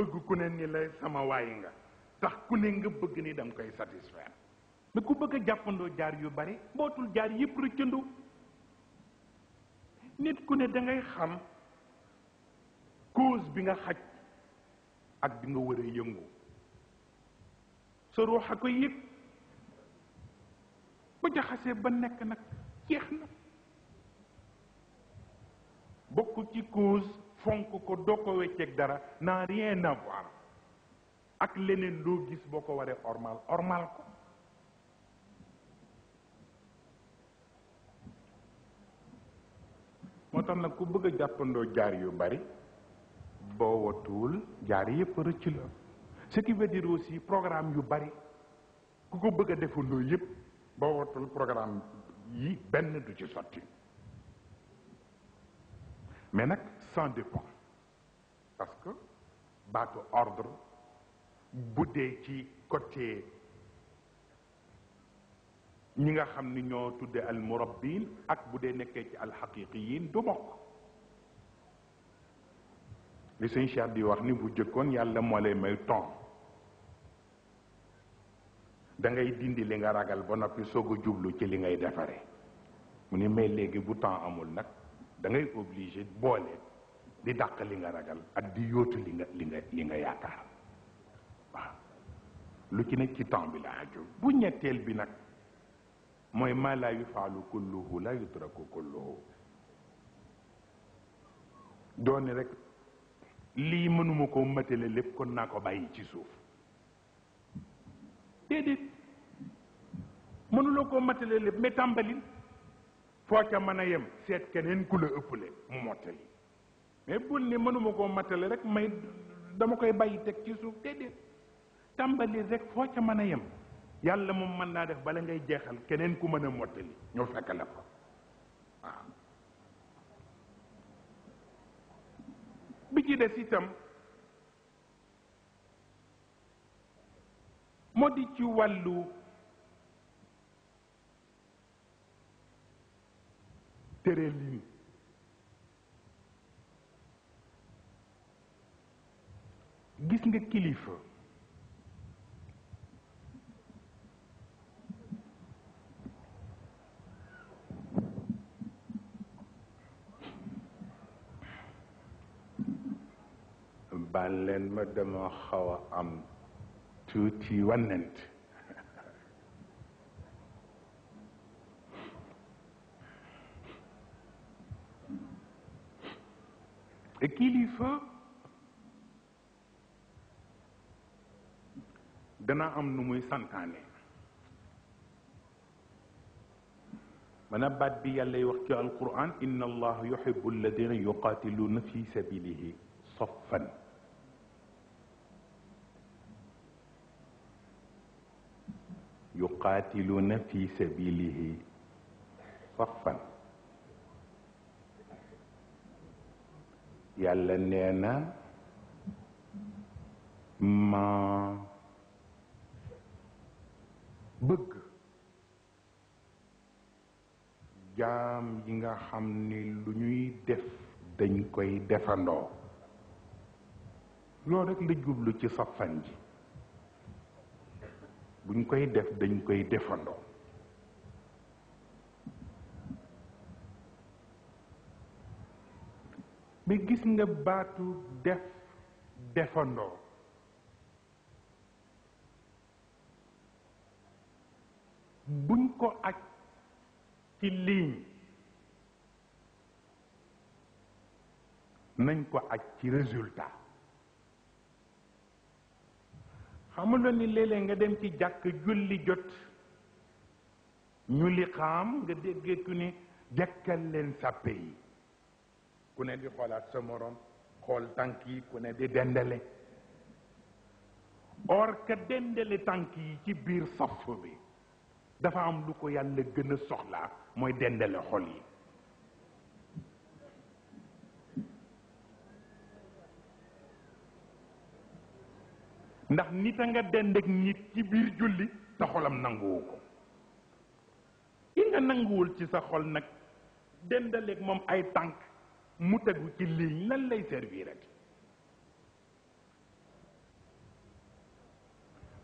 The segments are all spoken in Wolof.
bëgg ku ne ni la sama waay nga tax ku ne nga bëgg ni danga koy satisfaire mais ku bëgg a jàppandoo jaar yu bari mbootul jaar yëpp rëccandoo nit ku ne dangay xam cause bi nga xaj ak bi nga war a yëngu sa ruux a koy yëg bu jaxasee ba nekk nag jeex na bokk ci cause fonk ko doo ko wecceeg dara n'a rien à ak leneen loo gis boo ko waree ormal ormal ko moo tax nag ku bëgg a jàppandoo jaar yu bari boo watuwul jaar yëpp rëcc la ce aussi programme yu bari ku ko bëgg defandoo yëpp boo watul programme yi benn du ci sotti mais nag sans dépense parce que baatu ordre bu dee ci côté ñi nga xam ni ñoo tuddee al ak bu dee nekkee ci al xaqiqiyin du bokk li sëñ Cheikh di wax ni bu jëkkoon yàlla moo lay may ton da ngay dindi li nga ragal ba noppi soog a jublu ci li ngay defaree mu ni mais léegi bu temps amul nag dangay ngay obligé boole di dàq li nga ragal ak di yóotu li nga li nga li nga yaakaar waaw lu ci nekk ci temps bi la bu ñetteel bi nag mooy ma la yufaalu kulluhu la yutraku kulluhu doone rek lii mënuma koo matale lépp kon naa ko bàyyi ci suuf déedéet mënuloo koo matale lépp mais tàmbali foo ca mën a yem seet keneen ku la ëppale mu mottali mais bul ni mënuma koo mattale rek may dama koy bàyyi teg ci suuf déedéet tàmbali rek foo ca mën a yem yàlla moom mën naa def bala ngay jeexal keneen ku mën a mottali ñoo fekk la ko bi ci des itam moo di ci wàllu tërëlin gis nga kilifa baal leen ma dama xaw a am tuuti wànnent dana am nu muy santane mana bat bi yàlla wax ci alquran inna allah yuhibbu alladhina yuqatiluna fi sabilihi saffan yuqatiluna fi sabilihi saffan yàlla nee na ma bëgg jaam yi nga xam ni lu ñuy def dañ koy defandoo loolu rek la jublu ci safan ji buñ koy def dañ koy defandoo mais gis nga baatu def defandoo buñ ko ak ci ligne nañ ko ak ci résultat xamuloon ni léeg-léeg nga dem ci jàkk julli jot ñu li xaam nga déggee ku ni jàkkal leen sàppe yi ku ne di xoolaat sa morom xool tànk yi ku ne di dendale or ka dendale tànk yi ci biir saf bi dafa am lu ko yàlla gën a soxlaa mooy dendale xol yi ndax nit a nga dend ak nit ci biir julli te xolam nanguwu ko ki nga nanguwul ci sa xol nag dendaleeg moom ay tànk mu tegu ci ligne lan lay servir ak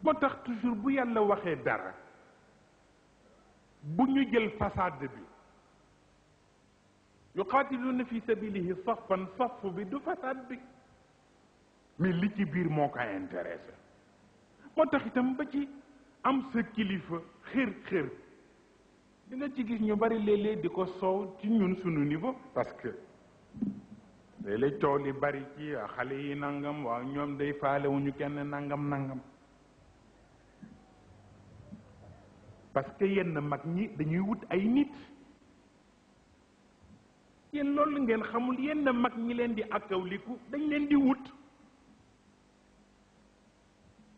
moo tax toujours bu yàlla waxee dara bu ñu jël façade bi yuqaatiluuna fi sabilihi saffan saff bi du façade bi mais li ci biir moo ko intéressé moo tax itam ba ci am sa kilifa xër xër di nga ci gis ñu bari léeg-léeg di ko soow ci ñun sunu niveau parce que léeg-léeg coow li bari ci ah, xale yi nangam waaw ñoom day faalewuñu kenn nangam nangam parce que yenn mag ñi dañuy wut ay nit yéen loolu ngeen xamul yenn mag ñi leen di akkawliku dañ leen di wut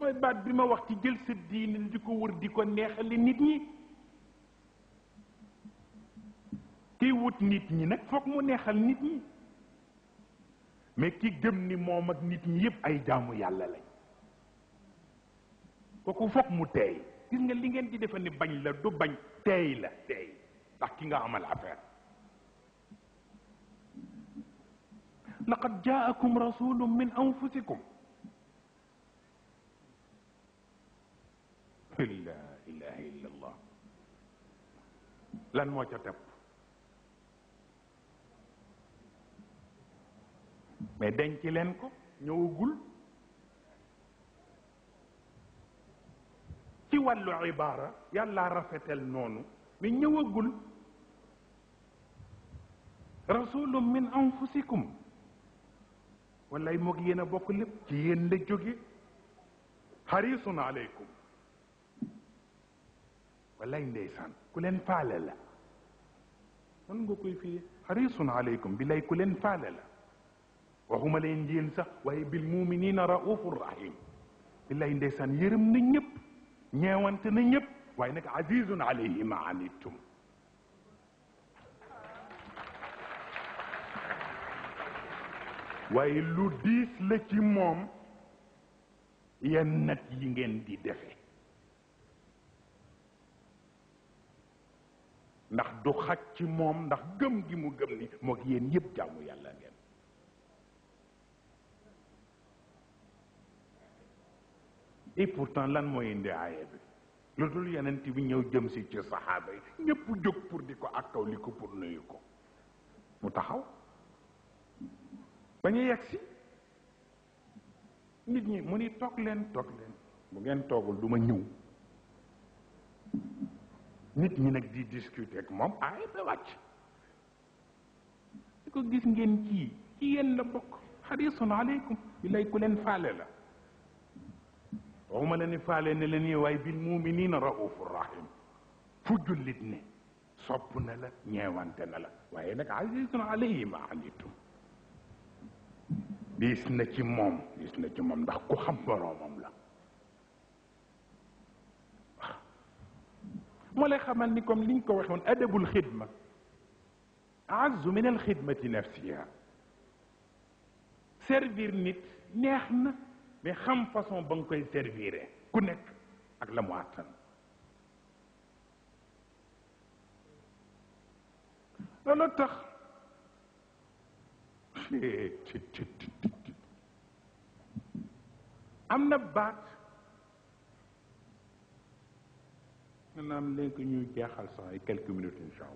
mooy baat bi ma wax ci jël sa diine di ko wër di ko neexale nit ñi kiy wut nit ñi nag foog mu neexal nit ñi mais ki gëm ni moom ak nit ñi yépp ay jaamu yàlla lañ kooku foog mu teey gis nga li ngeen di defe ni bañ la du bañ teey la teey ndax ki nga amal affaire laqad jaakum rasulun min anfusikum la ilaha illa allah lan moo ca tepp mais denc leen ko ñëwagul wàllu ibaara yàlla rafetal noonu mais ñëwagul rasulum min anfusikum wallaay moog yéen a bokk lépp ci yéen la jóge xarisun aleykum wallaay ndeysaan ku leen faale la mën nga koy fii xarisun aleykum bi lay ku leen faale la waxuma leen yéen sax waaye bil muminina raufun rahim bi lay ndeysaan yërëm na ñëpp ñeewante na ñëpp waaye nag azizun alayhi ma anittum waaye lu diis la ci moom yenn nag yi ngeen di defe ndax du xaj ci moom ndax gëm gi mu gëm ni moo yéen yépp jaamu yàlla ngeen et pourtant lan moy indi aaya bi lutul dul yonent bi ñew jëm si ci sahaba yi ñepp jog pour di ko liko pour nuyu ko mu taxaw bañu ñu si nit ñi mu ni tok len tok len bu ngeen togul duma ñew nit ñi nak di discuter ak mom ay ba wacc ko gis ngeen ki ci yeen la bok hadithun alaykum ilay ku وهم لن فعلن لن يواي بالمؤمنين رؤوف الرحيم فجل لدن صبنا لا نيوانتنا لا وينك عزيز عليه ما عنيتم بيسنا كي موم بيسنا كي موم دا كو خم بروم لا مولاي خمال نيكم لي ادب الخدمه اعز من الخدمه نفسها سيرفير نيت نحن mais xam façon ba nga koy servir ku nekk ak la mu àttan loolu tax am na baat maanaam ñu quelques minutes incha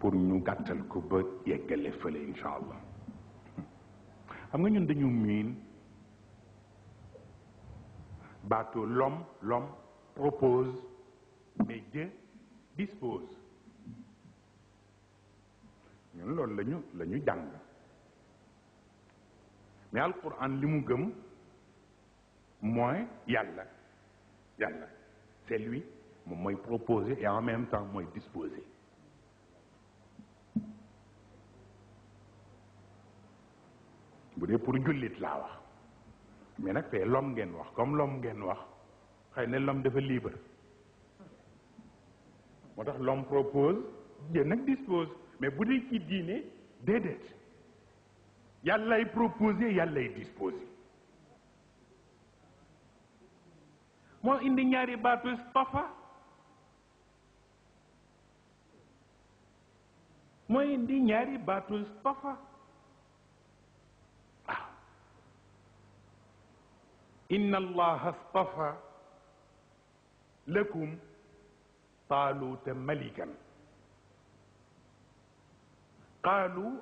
pour ñu gàttal ko ba yeggale fële incha xam nga ñun dañu miin baatu l'homme l'homme propose mais Dieu dispose ñun loolu lañu lañu ñu jàng mais alquran li mu gëm mooy yàlla yàlla c'est lui moom mooy proposer et en même temps mooy disposer bu dee pour jullit laa wax mais nag fee lom ngeen wax comme lom ngeen wax xëy na lom dafa libre moo tax lom propose jën nag dispose mais bu dee ci diine déedéet yàllay proposé yàllay disposé moo indi ñaari baatu istafa moo indi ñaari baatu istafa إن الله اصطفى لكم طالوت ملكا قالوا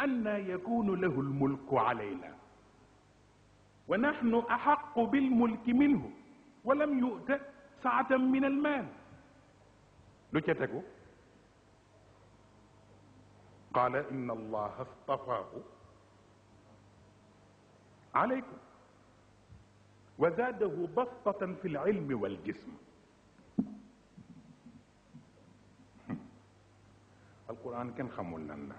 أن يكون له الملك علينا ونحن أحق بالملك منه ولم يؤت سعة من المال لكتكو قال إن الله اصطفاه عليكم وزاده بسطة في العلم والجسم القرآن كان خمول لنا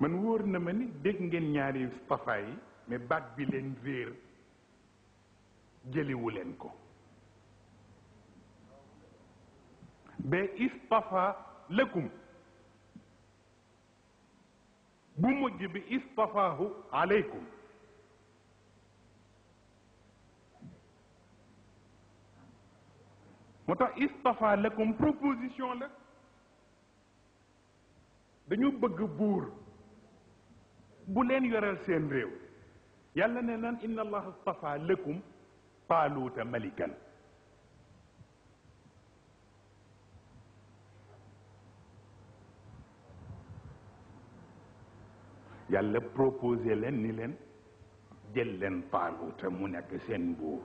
من ورنا مني دنجن ياري يعني استفاي مباد بلين زير جلي ولنكو باستفا لكم بمجب استفاه عليكم moo tax istafa lakum proposition la dañu bëgg buur bu leen yoreel seen réew yàlla ne naan inna allaha istafa lakum malikan yàlla proposé leen ni leen jël leen taaluuta mu nekk seen buur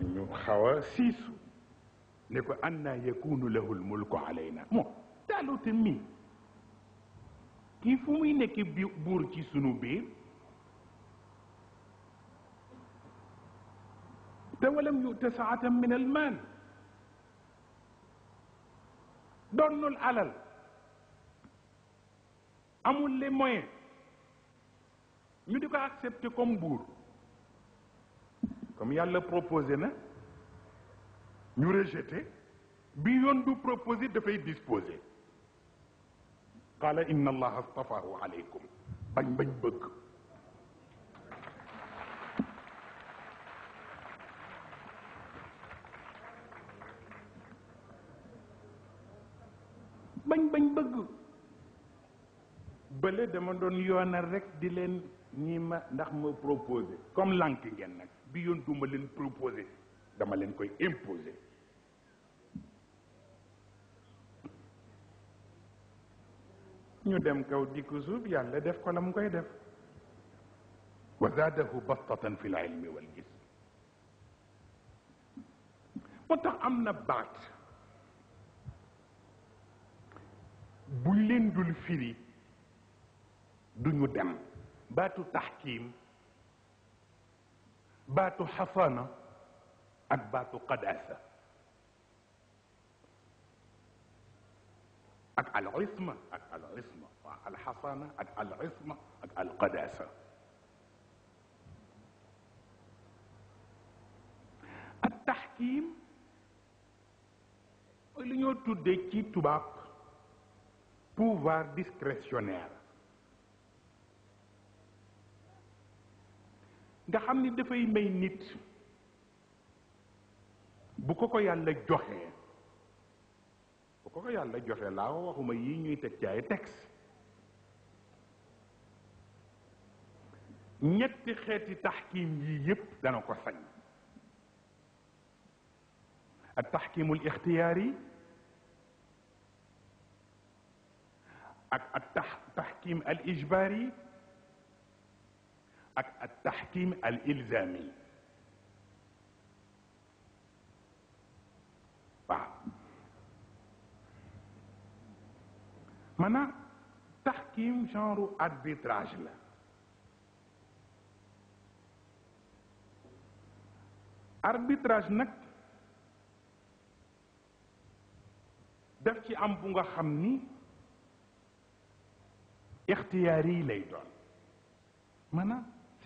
من خواسيسه أن يكون له الملك علينا مو تعالوا تمي كيف مي نكي بوركي سنو بير ده يؤت سعة من المال دون العلل أمون لي موين ñu di ko accepter comme buur comme il le proposé na ñu rejeté bi yoon propose proposé dafay disposer. nous inna Allah astafahu alaykum. bañ bañ bëgg bañ bañ bëgg dama rek di ndax avons comme nous بيون دوما لين بروبوزي داما لين كوي امبوزي ني ديم كاو ديكو سوب يالا ديف كو لام كوي ديف وزاده بسطه في العلم والجسم متخ امنا بات بولين دول فيري دونو ديم باتو تحكيم باتو حصانة أك باتوا قد أسى أك العصمة أك العصمة الحصانة أك العصمة أك القداسة التحكيم اللي يوتو ديكي توباك pouvoir discrétionnaire nga xamni da fay may nit bu ko ko yàlla joxe bu ko ko yàlla joxe la waxuma yi ñuy tek ci ay texte ñetti xéti tahkim yi yépp dana ko sañ التحكيم الاختياري التحكيم الإجباري التحكيم الالزامي منا تحكيم شانرو اربيتراج لا اربيتراج نك داف سي ام بوغا خامني اختياري لي منا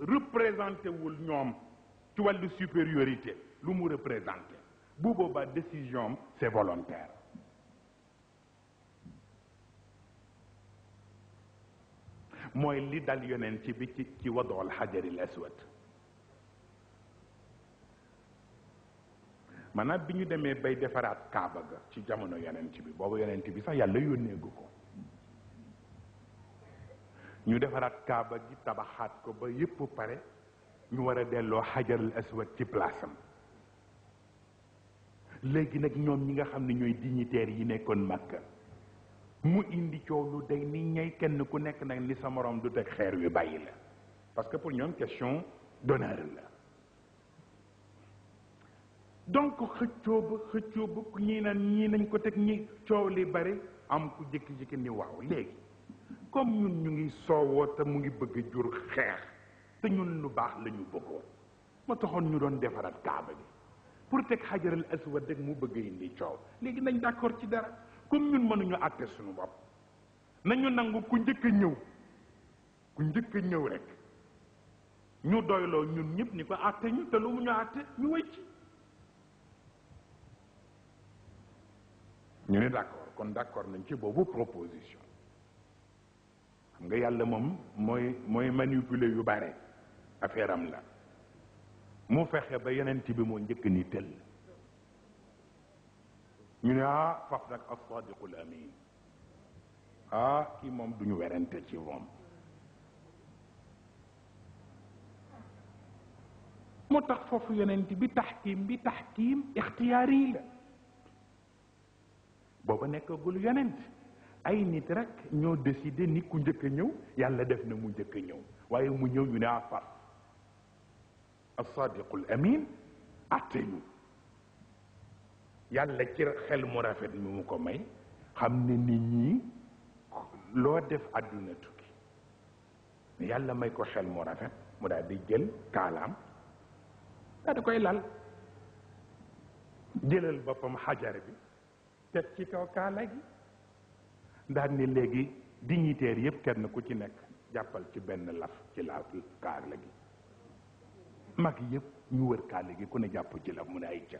représenté wul ñom ci walu supériorité lu mu représenté bu boobaa décision c'est volontaire moy li dal yonent ci bi ci wadul wadool al aswad maanaam bi ñu demee bay defaraat kaaba ga ci jamono ci bi boobu ci bi sax yalla yónneegu ko ñu defaraat kaaba gi tabaxaat ko ba yépp pare ñu war a delloo xajarul aswad ci place am léegi nag ñoom ñi nga xam ne ñooy dignitaires yi nekkoon Makka mu indi coow lu day ni ñay kenn ku nekk nag ni sa morom du teg xeer wi bàyyi la parce que pour ñoom question d'honneur la donc xëccoo ba xëccoo ba ñii naan ñii nañ ko teg ñi coow li bari am ku jékki-jékki ni waaw léegi comme ñun ñu ngi soowoo te mu ngi bëgg jur xeex te ñun lu baax lañu ñu bëggoon ma taxoon ñu doon defaraat kaaba bi pour teg xajaral aswad rek mu bëgg indi coow léegi nañ d'accord ci dara comme ñun mënuñu àtte suñu bopp nañu nangu ku njëkk ñëw ku njëkk ñëw rek ñu doyloo ñun ñëpp ni ko àtte ñu te lu mu ñu àtte ñu wëcc ñu ne d'accord kon d'accord nañ ci boobu proposition nga yàlla mom moy moy manipuler yu bare affaire am la mu fexe ba yonent bi mo ñëk ni tel ñu na ah faf nag as-sadiqul amin ah ki mom duñu werante ci mom mo tax foofu yonent bi tahkim bi tahkim ikhtiyari la booba nekkagul yonent ay nit rek ñoo décidé ni ku njëkk ñëw yàlla def na mu njëkk ñëw waaye mu ñëw ñu ne afar ah, as-sadiqul amin atte ñu yàlla ci xel mu rafet mi mu ko may xam ne nit ñi loo def àdduna tukki mais yàlla may ko xel mu rafet mu daal di jël kaalaam daal di koy lal jëlal boppam xajar bi teg ci kaw kaala gi ndax ni léegi dignitaire yëpp kenn ku ci nekk jàppal ci benn laf ci la kaar la gi mag yëpp ñu wër kaale gi ku ne jàpp ci la mu ne ay ca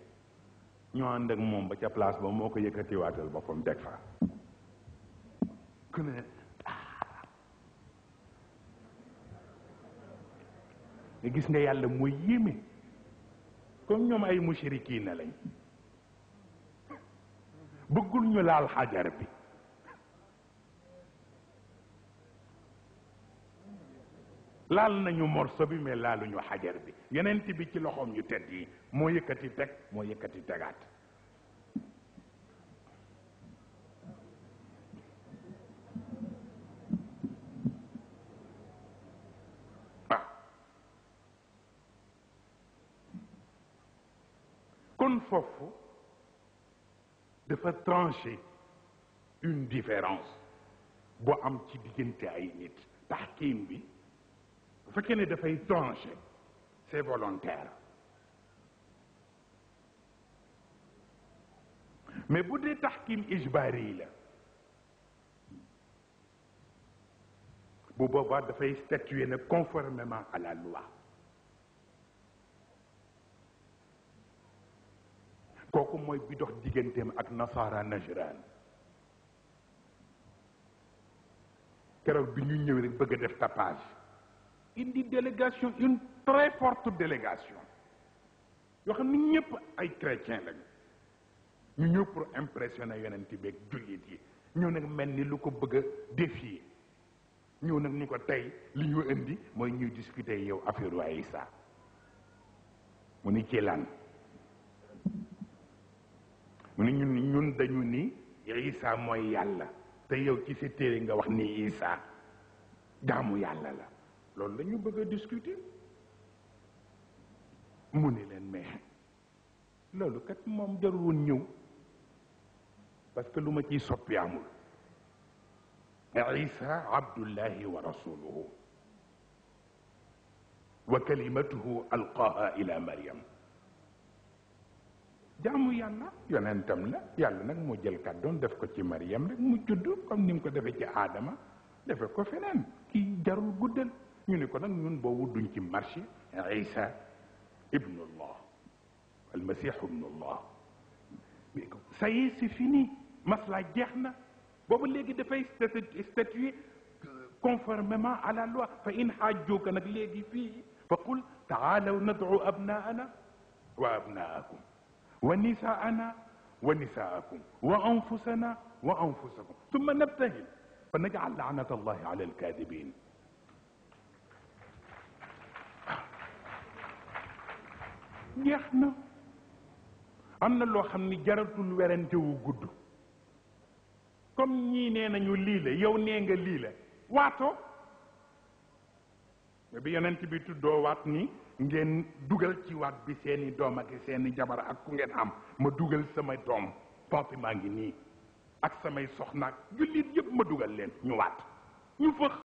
ñoo ànd ak moom ba ca place ba moo ko yëkkatiwaatal boppam teg fa ku ne ah. gis nga yàlla mooy yéeme comme ñoom ay mushrikiina lañ bëggul ñu laal xajar bi laal nañu morso bi mais laaluñu xajar bi yeneen bi ci loxom yu tedd yi moo yëkkati teg moo yëkkati tegaat ah kon foofu dafa trancher une différence bo am ci diggante ay nit taxkiim bi bu fekkee ne dafay tranché c'est volontaire mais bu dee Tahkim ijbaari yi la bu boobaa statuer conformément à la loi Koko moy bi dox digentem ak nasara najran keroog bi ñu ñëw rek bëgg def tapage il délégation une très forte délégation Nous sommes tous ay Nous sommes pour impressionner yonent bi ak yi ñëw défier Nous sommes tous les li ñu indi mooy ñuy discuter yow affaire waaye mu ni les mu Nous ñun ñun dañu ni Isa que yàlla te yow ci sa nga wax ni Isa loolu lañu ñu bëgg a discuter mu ni leen mais loolu kat moom jarul woon ñëw parce que lu ma ci soppi amul isa abdullahi wa rasuluhu wa kalimatuhu alqaaha ila maryam jaamu yàlla yonentam la yàlla nag moo jël kàddoon def ko ci maryam rek mu judd comme nim ko defee ci aadama defe ko feneen kii jarul guddal ñu ne ko nag ñun boobu duñ ci marché isa ibnu allah almasih ibnu allah mais ça y est c'est fini masla jeex na boobu léegi dafay statuer conformément à la loi fa in xaajuuka nag léegi fii fa qul taalaw nadcu abnaana wa abnaakum wa nisaana wa nisaakum wa anfusana wa anfusakum ثم نبتهل فنجعل لعنة الله على الكاذبين jeex na am na loo xam ne jaratul werante wu gudd comme ñii nee nañu lii la yow nee nga lii la waatoo mais bi yonent bi tuddoo waat ni ngeen dugal ci waat bi seeni doom ak seeni jabar ak ku ngeen am ma dugal sama doom Fatima maa ngi nii ak samay soxnaak jullit yépp ma dugal leen ñu waat ñu fëx